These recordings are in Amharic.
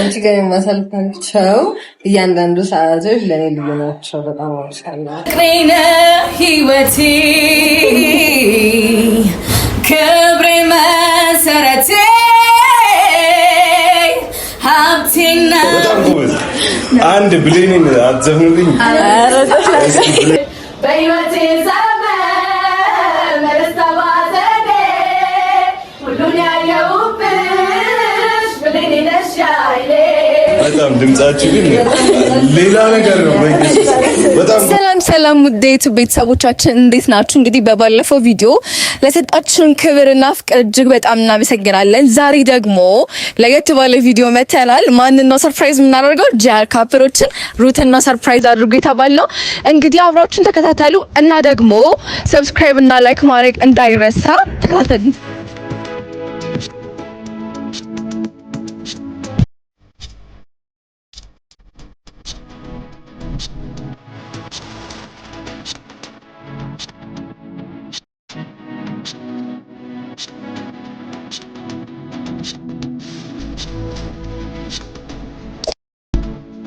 አንቺ ጋር የማሳልፋቸው እያንዳንዱ ሰዓቶች ለእኔ ልዩ ናቸው። በጣም ወሳለ ቅሬነ ህይወቴ ክብሬ መሰረቴ ሀብቴና አንድ ብሌን አትዘፍኑልኝ? ድምጻችሁ ግን ሌላ ነገር ነው። ሰላም ሰላም፣ ውድ ቤተሰቦቻችን እንዴት ናችሁ? እንግዲህ በባለፈው ቪዲዮ ለሰጣችሁን ክብርና ፍቅር እጅግ በጣም እናመሰግናለን። ዛሬ ደግሞ ለየት ባለ ቪዲዮ መተናል። ማን ነው ሰርፕራይዝ የምናደርገው? ጂአር ካፕሮችን ሩትና ሰርፕራይዝ አድርጉ የተባለው እንግዲህ አብራችሁን ተከታተሉ እና ደግሞ ሰብስክራይብ እና ላይክ ማድረግ እንዳይረሳ ተከታተሉ።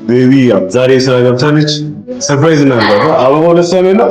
ቤቢ ዛሬ ስራ ገብታለች። ሰርፕራይዝ እናደርጋለን። አበባው ለእሷ ነው።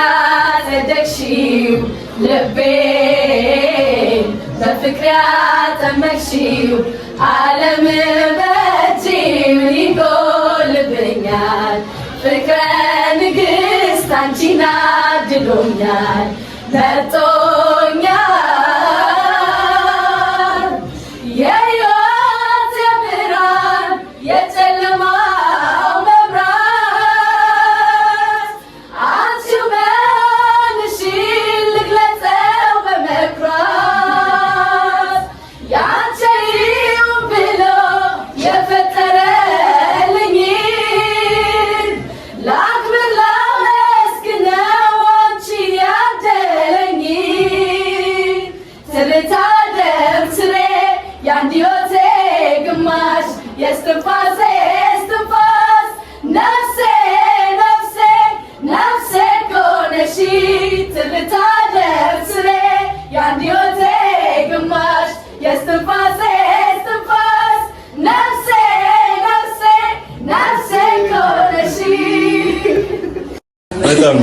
ያጸደቅሽው ልቤ በፍቅር ያጠመቅሽው ዓለም በእጅ ይጎልብኛል? ፍቅረ ንግሥት አንቺን አድሎኛል።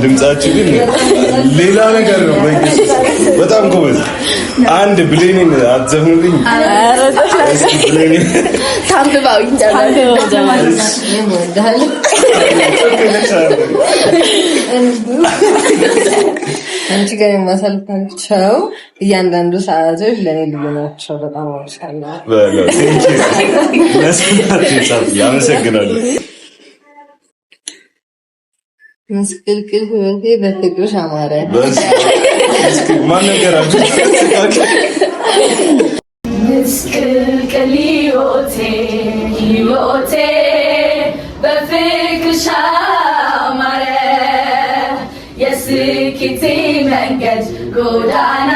ድምጻችሁ ግን ሌላ ነገር ነው። በኢየሱስ በጣም ጎበዝ። አንድ ብሌኒን አትዘፍኑልኝ? አንቺ ጋር የማሳልፋቸው እያንዳንዱ ሰዓቶች ለእኔ ልዩ ናቸው። በጣም አመሰግናለሁ። ምስቅልቅል ህይወቴ በፍቅርሽ አማረ። ማን ነገራችሁ? ምስቅልቅል ህይወቴ ህይወቴ በፍቅርሽ አማረ። የስኬቴ መንገድ ጎዳና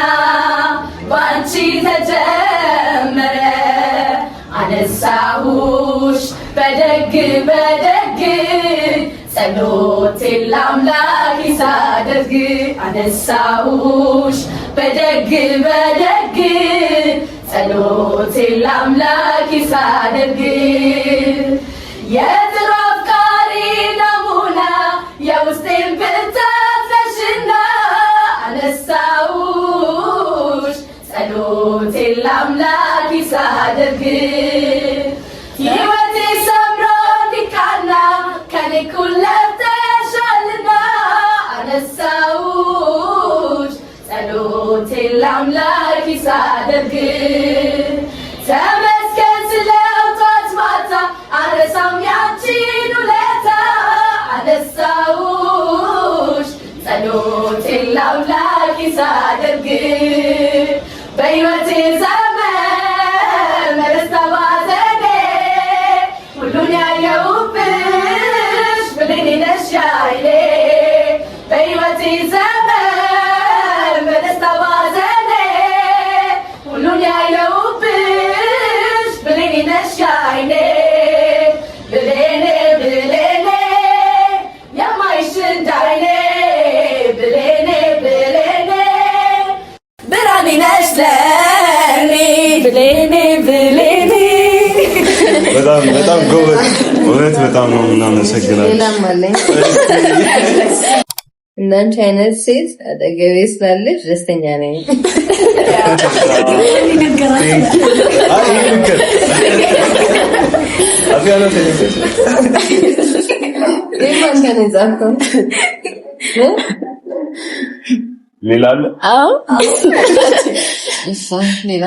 ባንቺ ተጀመረ። አነሳሁሽ በደግ በደግ ጸሎቴን ለአምላክ ሳደርግ አነሳሁሽ በደግ በደግ ጸሎቴን ለአምላክ ሳደርግ የትራፍ ቃሪ ናሙና የውስጤን ብታዘሽና አነሳሁሽ ጸሎቴን ለአምላክ ሳደርግ አምላክ ይሳደርግ በጣም በጣም ጎበዝ እውነት፣ በጣም ነው የምናመሰግናለን። እናንቺ አይነት ሴት አጠገቤ ስላለች ደስተኛ ነኝ። ሌላ ሌላ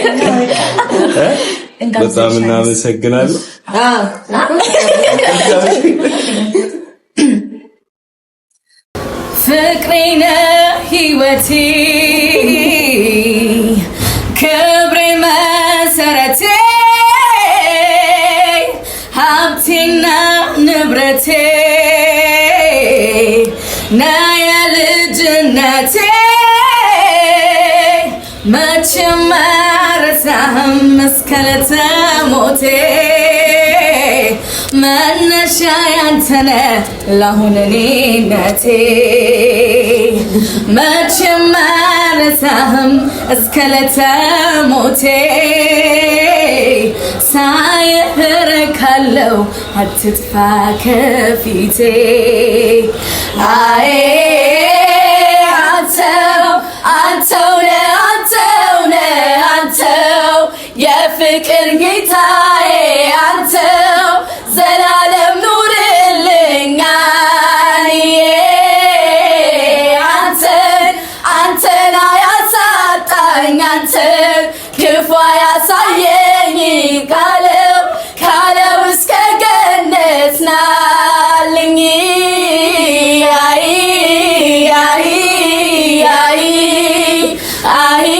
በጣም እናመሰግናለን። ፍቅሬ ነህ ህይወቴ መስከረተ ሞቴ መነሻ ያንተነ ለአሁን እኔነቴ መቼም መረሳህም እስከለተ ሞቴ ሳየህረካለው አትጥፋ ከፊቴ አይ ይመስላልኝ አይ አይ አይ አይ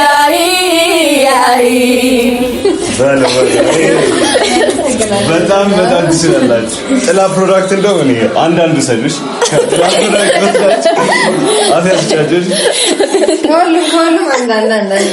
አይ አይ በጣም በጣም ትችላላችሁ። ጥላ ፕሮዳክት እንደው እኔ አንዳንድ ሰዎች ጥላ ፕሮዳክት መስላችሁ አንዳንድ አንዳንድ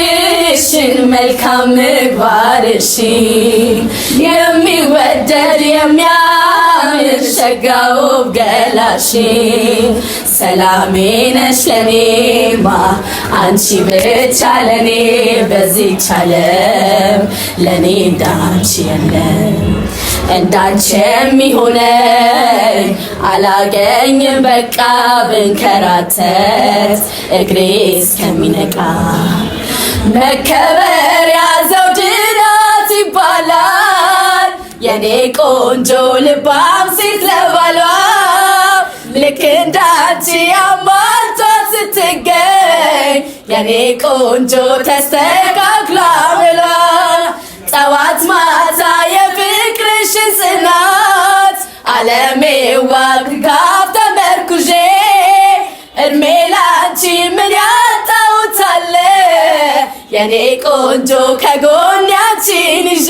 መልካም ምግባር እሺ የሚወደድ የሚያምር ሸጋው ገላሽ ሰላሜ ነሽ ለኔማ አንቺ ብቻ ለኔ በዚች ዓለም ለኔ እንዳንቺ የለም እንዳንቺ የሚሆነኝ አላገኝም በቃ ብንከራተት እግሬ እስከሚነቃ መከበሪያ ዘውድ ናት ይባላል። የኔ ቆንጆ ልባም ሴት ለባሏ ልክ እንዳንቺ አሟልቷት ስትገኝ የኔ ቆንጆ ተስተካክሏ ብሏ ጠዋት ማታ የፍቅርሽ ጽናት አለሜ ዋግጋ የኔ ቆንጆ ከጎን ያችን ይዤ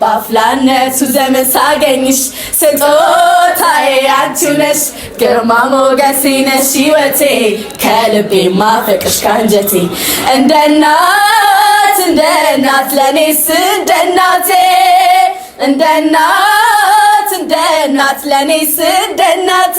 በአፍላነቱ ዘመን ሳገኝሽ ስጦታዬ አንቺው ነሽ ግርማ ሞገሴ ነሽ ሕይወቴ ከልቤ ማፈቅሽ ከአንጀቴ እንደ እናት እንደ እናት ለኔስ እንደ እናቴ እንደ እናት እንደ እናት ለኔስ እንደ እናቴ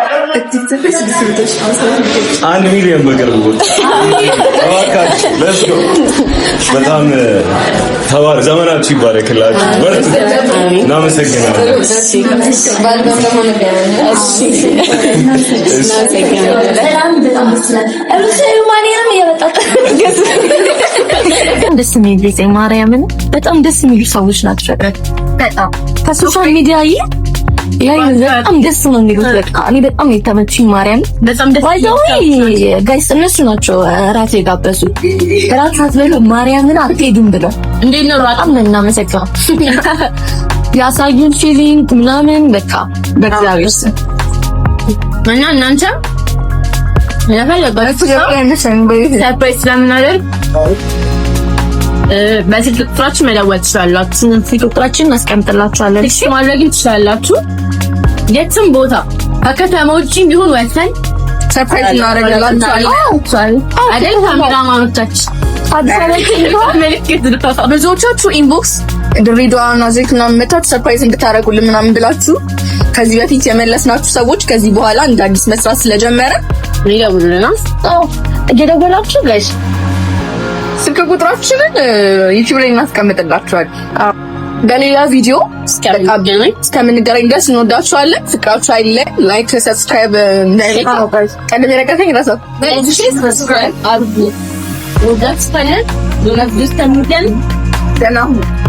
ettikten ve sizi sürüde şanslarım geçti. Anne William bakalım bu. Ama kaç. Let's go. በጣም ተባር ዘመናችሁ ይባረክላችሁ። በርቱ። እናመሰግናለን። በጣም ደስ የሚል ጊዜ ማርያምን፣ በጣም ደስ የሚሉ ሰዎች ናቸው። በጣም ከሶሻል ሚዲያ ይህ ያ በጣም ደስ ነው የሚሉት። በቃ እኔ በጣም የተመችኝ ማርያም በጣም ደስ ጋይስ፣ እነሱ ናቸው እራት የጋበሱ እራት ሳትበሉ ማርያምን አትሄዱም ብለው እንዴት ነው በጣም እናመሰግናለን። ያሳዩን ፊሊንግ ምናምን በቃ በእግዚአብሔር ስም እና እናንተ ለፈለጋችሁ ሰርፕራይዝ ስለምናደርግ በስልክ ቁጥራችን መደወል ትችላላችሁ። ስልክ ቁጥራችን እናስቀምጥላችኋለን። እሺ ማድረግም ትችላላችሁ። የትም ቦታ ከከተማ ውጪ ቢሆን ወተን ሰርፕራይዝ እናደርጋላችኋለን አይደል? ካሜራማኖቻችን ብዙዎቻችሁ ኢንቦክስ ድሬዳዋና ዘይትና መታት ሰርፕራይዝ እንድታደርጉልን ምናምን ብላችሁ ከዚህ በፊት የመለስናችሁ ሰዎች ከዚህ በኋላ እንደ አዲስ መስራት ስለጀመረ ይደውሉልናል። እየደወላችሁ ጋይስ ስልክ ቁጥራችንን ዩቲዩብ ላይ እናስቀምጥላችኋል። በሌላ ቪዲዮ እስከምንገናኝ ድረስ እንወዳችኋለን። ፍቅራችሁ አይለ ላይክ፣ ሰብስክራይብ ቀደም የረቀተኝ ረሰብ ሰብስክራይብ አድርጉ። ወዳችኋለን። ደህና ሁኑ።